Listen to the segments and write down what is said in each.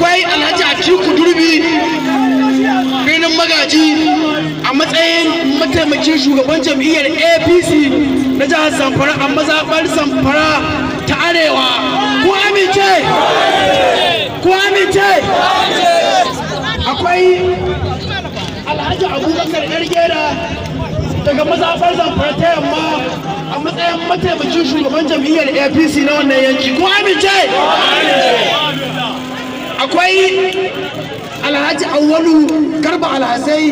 akwai alhaji atiku durbi birnin magaji a matsayin mataimakin shugaban jam'iyyar apc na jihar zamfara a mazaɓar zamfara ta arewa ko amince ko amince akwai alhaji abubakar yargera daga mazaɓar zamfara ta yamma a matsayin mataimakin shugaban jam'iyyar apc na wannan yanki ko amince akwai alhaji awwalu garba alhasai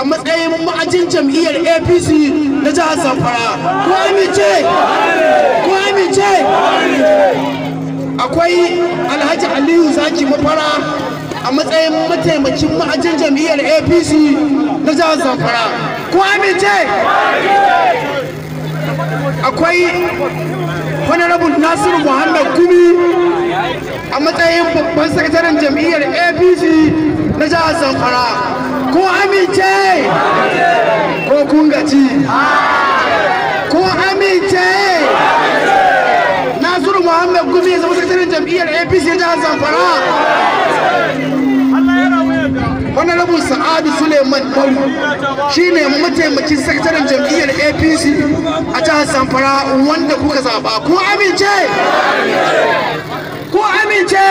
a matsayin ma'ajin jam'iyyar apc na jihar zamfara ko amince ko amince akwai alhaji aliyu zaki mafara a matsayin mataimakin ma'ajin jam'iyyar apc na jihar zamfara ko amince akwai honorable nasiru muhammad gumi a matsayin babban sakataren jam'iyyar apc na jihar zamfara ko amince ko kun ko amince nasiru muhammad gumi ya zama sakataren jam'iyyar apc na jihar zamfara honorable sa'adu suleiman shi shine mataimakin sakataren jam'iyyar apc a jihar zamfara wanda kuka zaba ko amince ko amince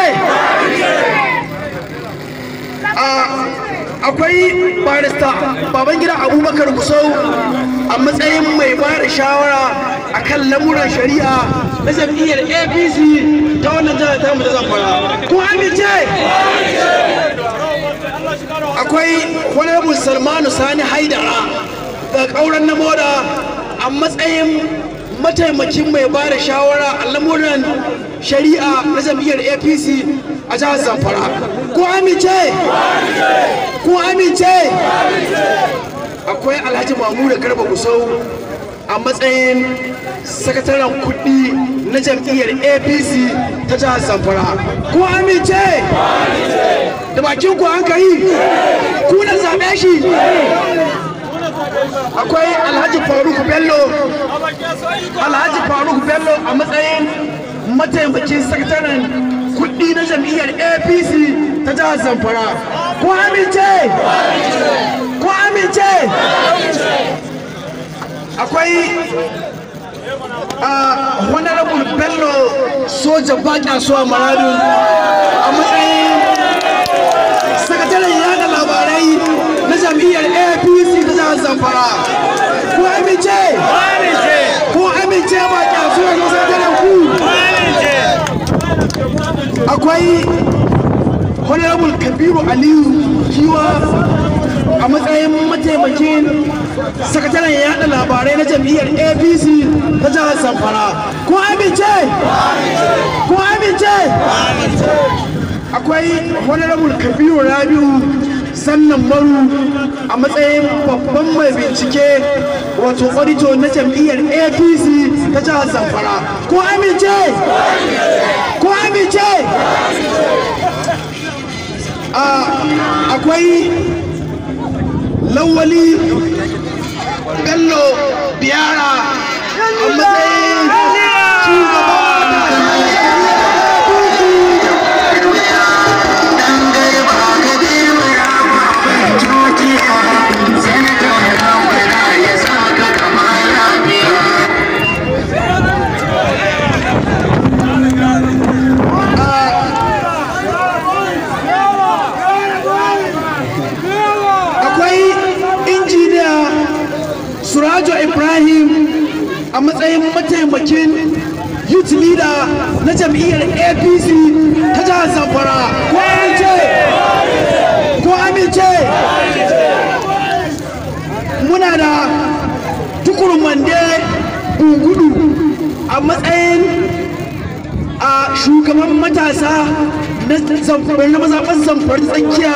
akwai barista babangida abubakar musau a matsayin mai bada shawara a kan lamuran shari'a na jam'iyyar apc ta wannan jihar tamu ta zamfara ko amince akwai wani abu salmanu sani haidara da kauran na moda a matsayin mataimakin mai bada shawara a lamuran shari'a na jam'iyyar apc a jihar zamfara ko amince ko amince akwai alhaji mamuda garba gusau a matsayin sakataren kudi na jam'iyyar apc ta jihar zamfara ko amince da bakin ku an kai ku na zaɓe shi akwai alhaji faruk bello alhaji faruk bello a matsayin mataimakin sakataren kudi na jam'iyyar apc ta jihar zamfara ko amince ko amince akwai a ah, honorable bello soja baƙi so a maradu a matsayin sakataren yada labarai na jam'iyyar apc ta jihar zamfara ko amince ko amince baƙi so a zo sakataren ku akwai honorable kabiru aliyu kiwa a matsayin mataimakin sakataren yada labarai na jam'iyyar apc ta jihar samfara ko amince ko amince akwai honorable kabiru rabiu sannan maru a matsayin babban mai bincike wato auditor na jam'iyyar apc ta jihar zamfara ko amince ko amince akwai lawali bello biyara a matsayin shugaban Alhaji Ibrahim a matsayin mataimakin youth leader na jam'iyyar APC ta jihar Zamfara ko amince ko amince muna da mande gungudu a matsayin a shugaban matasa na zamfara na mazaɓar zamfara tsakiya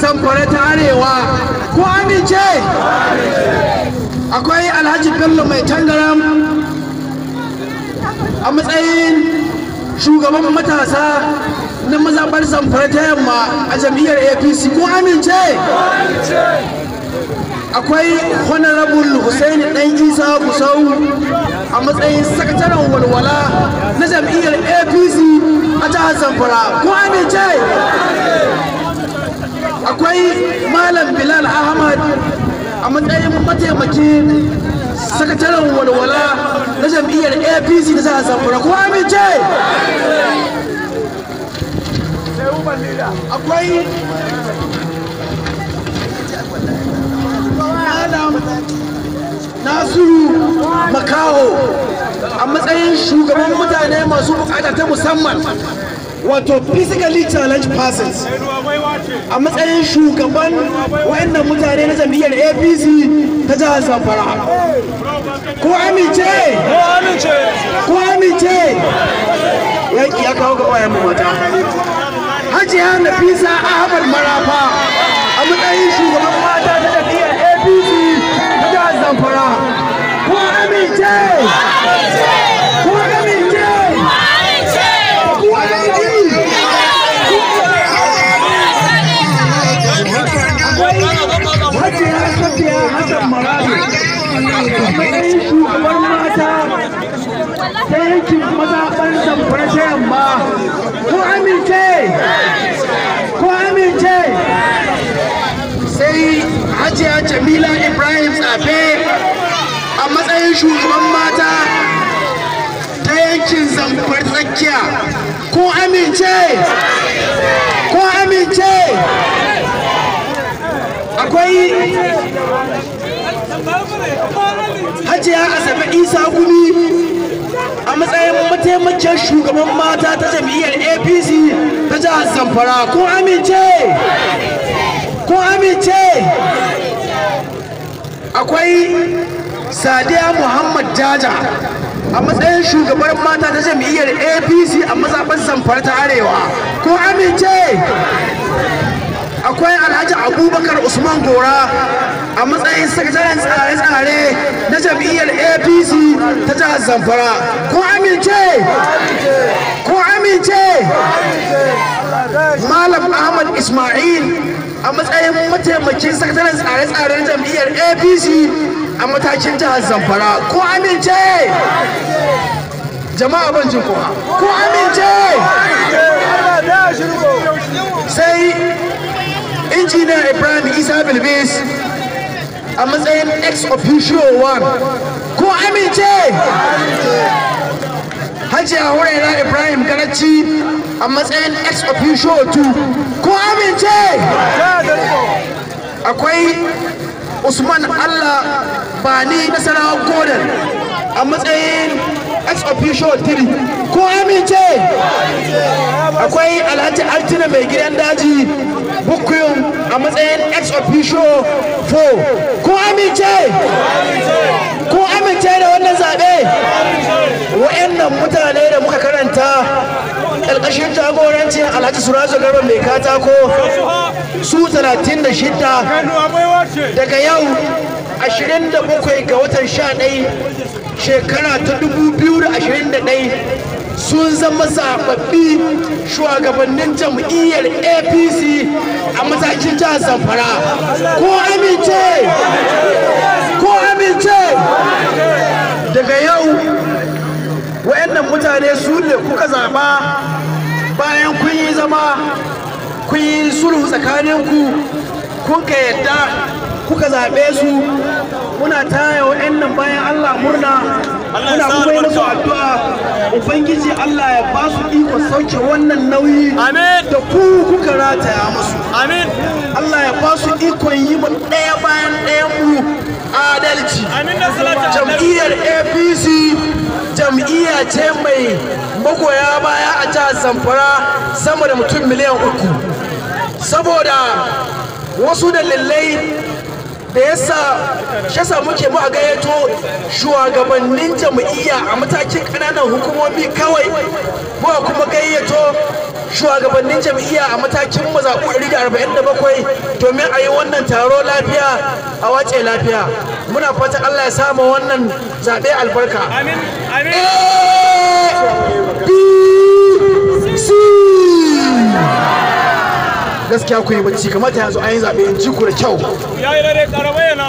samfara ta arewa ko amince akwai alhaji bello mai tangaram a matsayin shugaban matasa na mazabar zamfara ta yamma a jam'iyyar apc ko amince akwai honorable hussein dan isa kusau a matsayin sakataren walwala na jam'iyyar apc a jihar zamfara ko amince akwai malam bilal ahmad a matsayin mataimakin sakataren walwala na jam'iyyar apc da za a zamfara kuma amince akwai nasiru makaho a matsayin shugaban mutane masu bukata ta musamman wato physically challenged persons a matsayin shugaban wa'annan mutane na jam'iyyar apc ta jihar zamfara ko amince ko amince yaki ya kawo ga ya mata hajiya nafisa ahmad marafa a matsayin shugaban mata ta jam'iyyar apc ta jihar zamfara ko amince matsayin shugaban mata ta yankin zamfara amince sai hajiya jamila ibrahim tsafe a matsayin shugaban mata ta yankin zamfara tsakiya ko amince ko amince akwai hajiya asabe isa gumi a matsayin mataimakiyar shugaban mata ta jam'iyyar apc ta jihar zamfara kun amince kun amince akwai sadiya muhammad jaja a matsayin shugabar mata ta jam'iyyar apc a mazaɓar zamfara ta arewa kun amince akwai alhaji abubakar usman gora a matsayin sakataren tsare-tsare na jam'iyyar apc ta jihar zamfara ko amince ko amince malam ahmad ismail a matsayin mataimakin sakataren tsare-tsare na jam'iyyar apc a matakin jihar zamfara ko amince jama'a ban jin kowa ko amince sai injiniya ibrahim isa bilbis a matsayin ex officio one ko amince hajiya huraira ibrahim karaci a matsayin ex officio two ko amince akwai usman allah bani nasarawa godon a matsayin ex officio three ko amince akwai alhaji altina mai gidan daji book a matsayin ex officio fo ku amince ku amince da wannan zaɓe wa'annan mutane da muka karanta ƙarƙashin jagorancin alhaji surazo garba mai katako su 36 daga yau 27 ga watan 11 shekara ta 2021 sun zama zababbi shugabannin jam'iyyar apc a matakin jihar zamfara ko amince ko amince daga yau wa'annan mutane su ne kuka zaba bayan kun yi zama kun yi sulhu tsakaninku kun ka yadda kuka zaɓe su muna taya wa'annan bayan allah murna kuna kuma yi musu addu'a ubangiji Allah ya ba su iko sauke wannan nauyi da ku kuka rataya musu amin Allah ya ba su ikon yi mu ɗaya bayan ɗayan mu adalci jam'iyyar APC jam'iyya ce mai magoya baya a jihar Zamfara sama da mutum miliyan uku saboda wasu dalilai da yasa shi yasa muke mu a gayyato shugabannin jam'iyya a matakin ƙananan hukumomi kawai mu kuma gayyato shugabannin jam'iyya a matakin mazaɓu 147 domin a yi wannan taro lafiya a wace lafiya muna fatan Allah ya samu wannan zaɓe albarka amin amin B C gaskiya ku yi bacci kamata yanzu an yi zaɓe in ku da kyau ya yi rare karama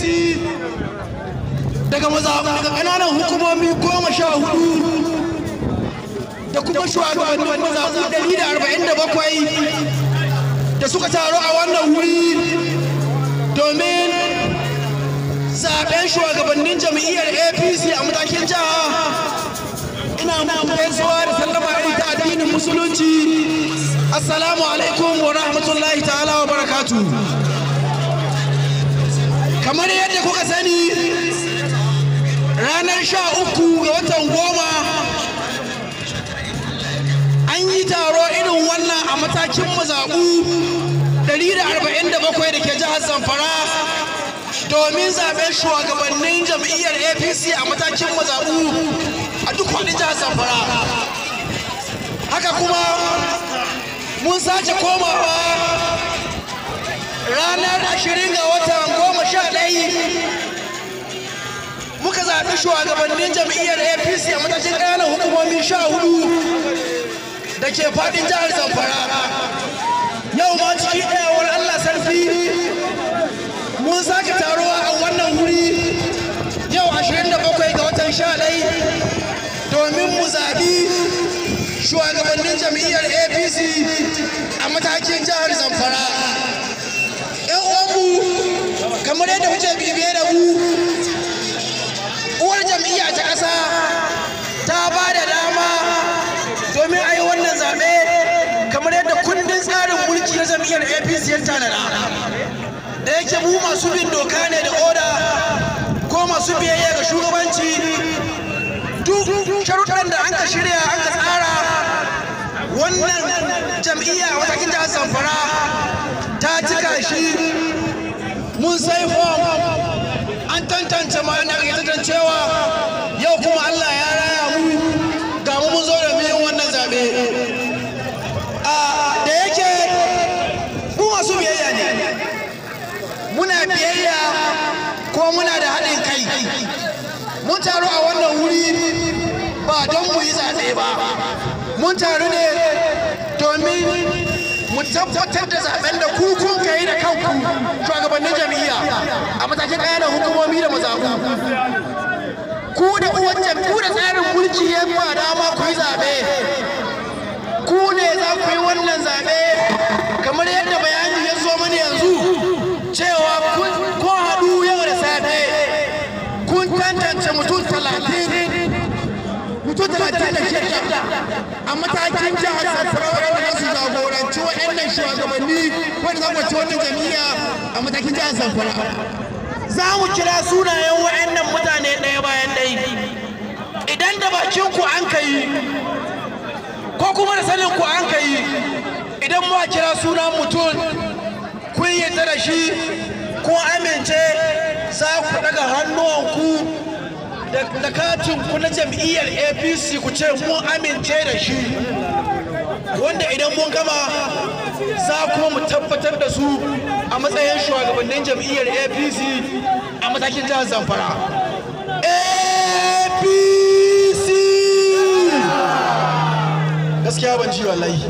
apc daga ƙananan hukumomi goma sha hudu da kuma shugabannin mazaɓu ɗari da arba'in da bakwai da suka taru a wannan wuri domin zaɓen shugabannin jam'iyyar apc a matakin jiha ina muku zuwa da sallama iri ta addinin musulunci assalamu alaikum wa rahmatullahi ta'ala wa barakatuhu kamar yadda kuka sani ranar sha uku ga watan goma an yi taro irin wannan a matakin mazaɓu 147 da ke jihar zamfara domin zaɓen shugabannin jam'iyyar apc a matakin mazaɓu a duk wani jihar zamfara haka kuma mun sace komawa ranar 20 ga watan goma shaɗai muka zaɓi shugabannin jam'iyyar apc a matashin ƙananan hukumomin sha hudu da ke faɗin jihar zamfara yau ma cikin ɗayawar allah sarfi mun sake taruwa a wannan wuri yau 27 ga watan shaɗai domin mu zaɓi shugabannin jam'iyyar apc a matakin jihar zamfara kamar yadda kuke bibiye da mu uwar jam'iyya ta ƙasa ta ba da dama domin a yi wannan zaɓe kamar yadda kundin tsarin mulki na jam'iyyar apc ya tanada da yake mu masu bin doka ne da oda ko masu biyayya ga shugabanci duk sharuɗan da an ka shirya an ka tsara wannan jam'iyya wata kinta zamfara ta cika shi mun sai form an tantance ma'anar cewa yau kuma Allah ya raya mu ga mu zo da biyan wannan zaɓe da yake mu masu biyayya ne muna biyayya ko muna da haɗin kai mun taru a wannan wuri ba don mu yi zaɓe ba mun taru ne domin mu tabbatar da zaɓe ku kun yi da kanku shugabannin jam'iyya a matakin ƙananan hukumomi da mazaku ku da uwan ku da tsarin mulki ya ba dama ku yi zaɓe ku ne za ku yi wannan zaɓe kamar yadda bayani ya zo mana yanzu cewa kun haɗu yau da safe kun tantance mutum talatin mutum talatin da shida a matakin jihar sassara waɗannan shugabanni wanda za mu ci wannan jami'a a matakin jihar Zamfara. Za mu kira sunayen waɗannan mutane ɗaya bayan ɗaya. Idan da bakin ku an ka yi ko kuma da sanin ku an ka yi idan mu kira sunan mutum kun yi da shi kun amince za ku daga hannuwanku da katin ku na jam'iyyar apc ku ce mun amince da shi wanda idan mun gama za kuma mu tabbatar da su a matsayin shugabannin jam'iyyar apc a matakin jihar zamfara apc gaskiya ban ji wallahi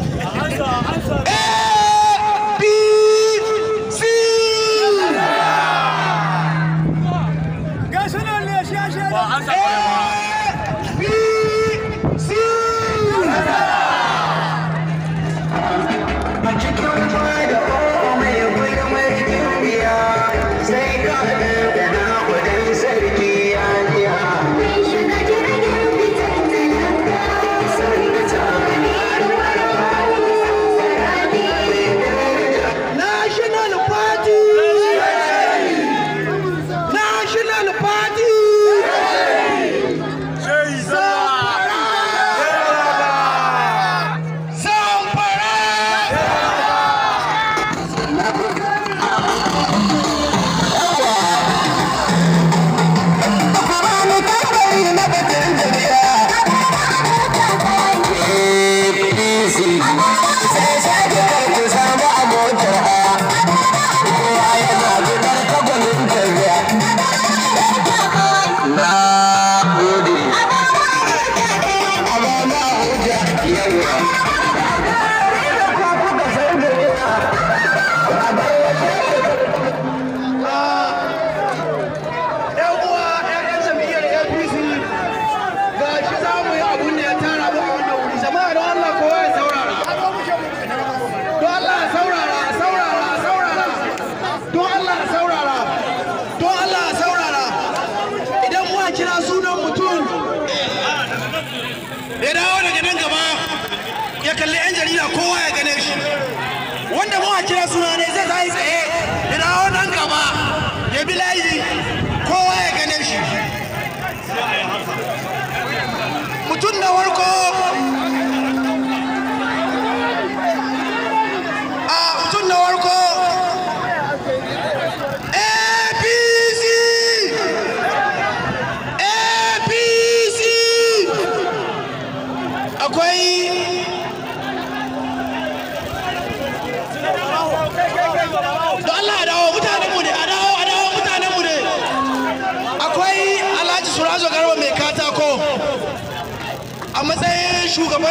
Fire.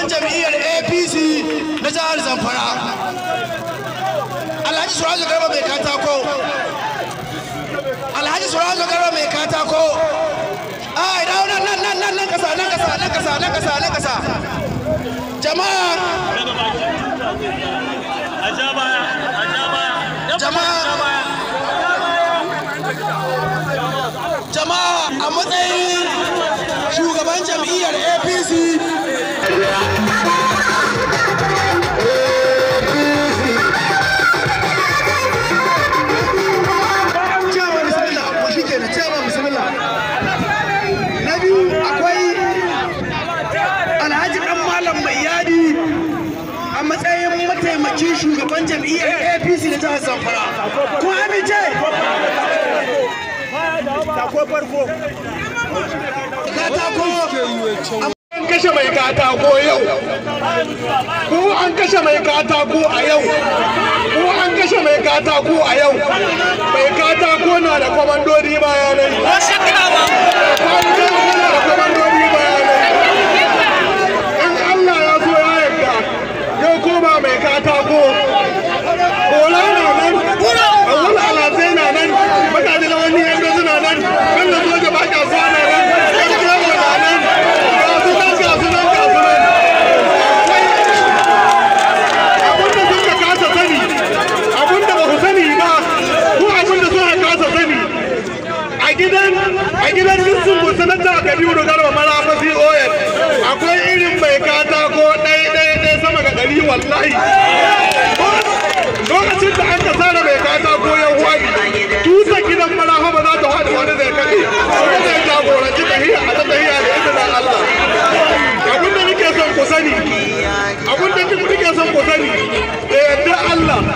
jam'iyyar apc na jihar zamfara alhaji surajo garba mai katako alhaji surajo garba mai katako ai nan nan nan nan kasa nan kasa nan kasa nan kasa nan kasa jama'a jama'a jama'a a matsayin shugaban jam'iyyar apc jam'iyyar apc na jihar zamfara kun amince katako kashe mai katako yau ko an kashe mai katako a yau ko an kashe mai katako a yau mai katako na da kwamandodi bayanai sani abin da kuka son ku sani da yadda Allah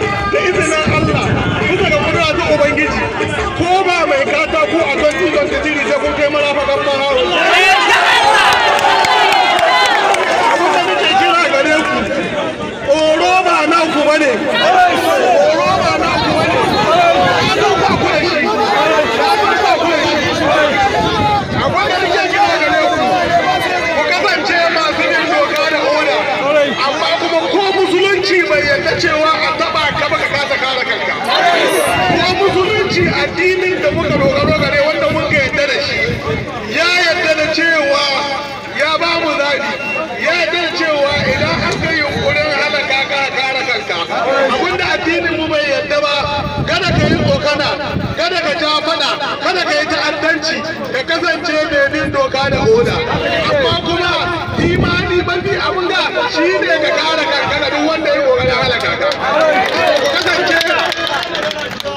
adalci ka kasance mai bin doka da oda amma kuma imani mafi abin da shi ne ka kare kankana duk wanda ya kokarin halaka ka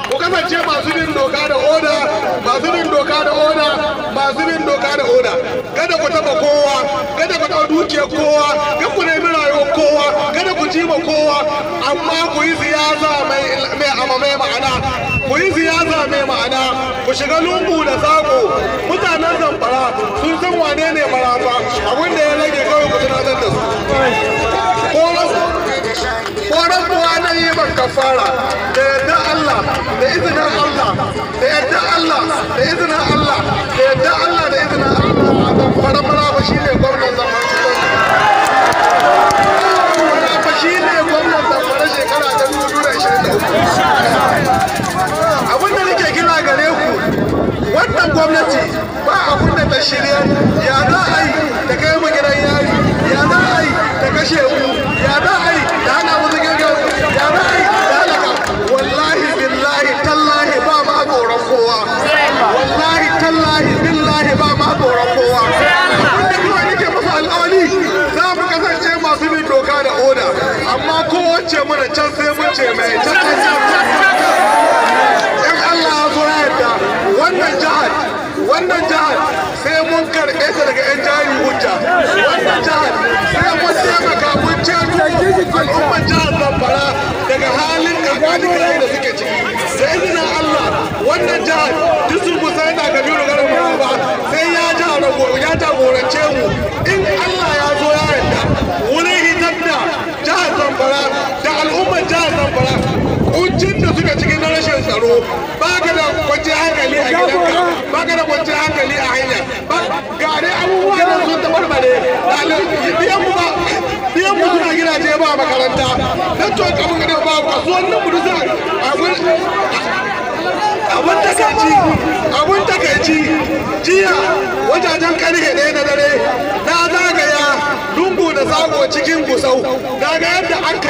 ku kasance masu bin doka da oda masu bin doka da oda masu bin doka da oda kada ku taba kowa wa dukiyar kowa kan ku nemi rayuwar kowa kada ku ji ma kowa amma ku yi siyasa mai mai ma'ana ku yi siyasa mai ma'ana ku shiga lungu da zago mutanen zamfara sun san wane ne marafa abin da ya rage kawai ku tunatar da su koran kuwa na yi ban kafara da yadda Allah da izinin Allah da mana can sai mun mai in Allah ya yadda wannan jihar wannan jihar sai mun karɓe ta daga 'yan jari hujja wannan jihar sai mun taimaka mun ceto al'ummar jihar zamfara daga halin kakwadika da suke ciki da ina Allah wannan jihar duk sun kusa yana gabi da garin ba sai ya jagorance mu in Allah ya zo kuncin da suka cikin na rashin tsaro ba ka da kwanci hankali a gidanka ba ka da kwanci hankali a hanya ga dai abubuwa da sun tabarbare biyan mu ba biyan mu suna gidaje ba makaranta don to ka muka ba kasuwannin mu dusa abun takaici abun takaici jiya wajajen karfe ɗaya na dare na zagaya lungu da sako cikin gusau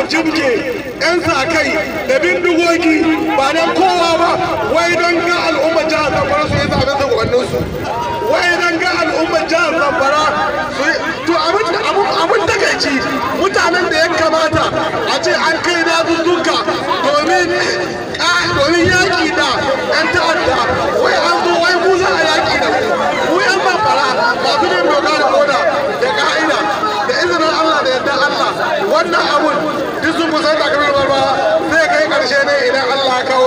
jibge yan sa kai da bindigogi ba don kowa ba wai don ga al'umma jihar zamfara su yi zaɓen zagobannin su wai don ga al'umma jihar zamfara su yi to abin takaici mutanen da ya kamata a ce an kai na duka domin yaki da 'yan ta'adda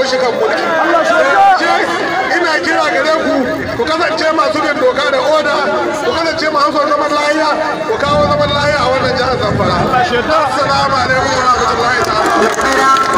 dawo shi kan mulki ina kira gare ku ku kasance masu bin doka da oda ku kasance masu zaman lahiya ku kawo zaman lahiya a wannan jihar zamfara assalamu alaikum wa rahmatullahi ta'ala